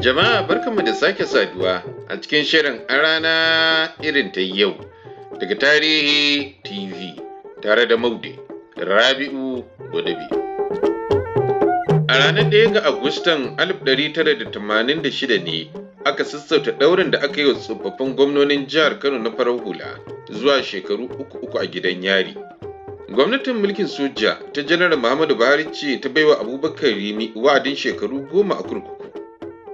Jama'a barkanmu da sake saduwa a cikin shirin a rana irin ta yau daga tarihi TV tare da Maude Rabi'u Gwadabi. A ranar ɗaya ga Agustan 1986 ne aka sassauta ɗaurin da aka yi wa tsofaffin gwamnonin jihar Kano na farar hula zuwa shekaru uku uku a gidan yari. Gwamnatin mulkin soja ta janar Muhammadu Buhari ce ta baiwa Abubakar Rimi wa'adin shekaru goma a kurkuku.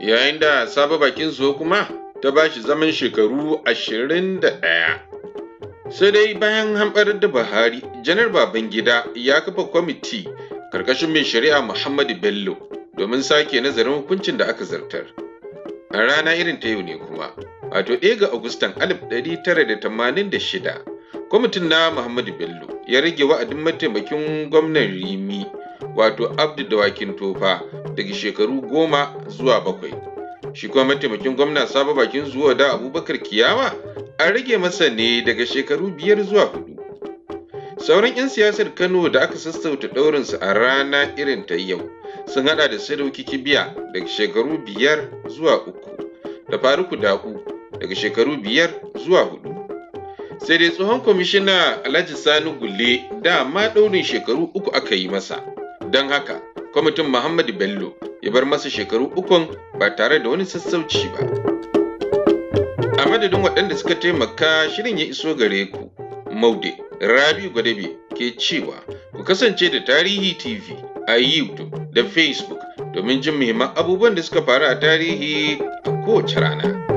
yayin da sabo bakin zo kuma ta ba shi zaman shekaru ashirin da ɗaya. Sai dai bayan hamɓarar da Buhari, Janar baban gida ya kafa kwamiti karkashin mai shari'a Muhammadu Bello domin sake nazarin hukuncin da aka zartar. A rana irin ta yau ne kuma, wato ɗaya ga Agustan 1986, kwamitin na Muhammadu Bello ya rage wa'adin mataimakin gwamnan Rimi wato abdu dawakin tofa daga shekaru goma zuwa bakwai shi kuma mataimakin gwamna sabo bakin zuwa da abubakar kiyama an rage masa ne daga shekaru biyar zuwa hudu sauran 'yan siyasar kano da aka sassauta ɗaurinsu a rana irin ta yau sun haɗa da sadauki kibiya daga shekaru biyar zuwa uku da faruku daku daga shekaru biyar zuwa hudu sai dai tsohon kwamishina alhaji sani gulle da ma ɗaurin shekaru uku aka yi masa don haka kwamitin muhammadu bello ya bar masa shekaru ukun ba tare da wani sassauci ba a madadin waɗanda suka taimaka shirin ya iso gare ku maude rabi gwadabe ke cewa ku kasance da tarihi tv a youtube da facebook domin jin muhimman abubuwan da suka faru a tarihi a kowace rana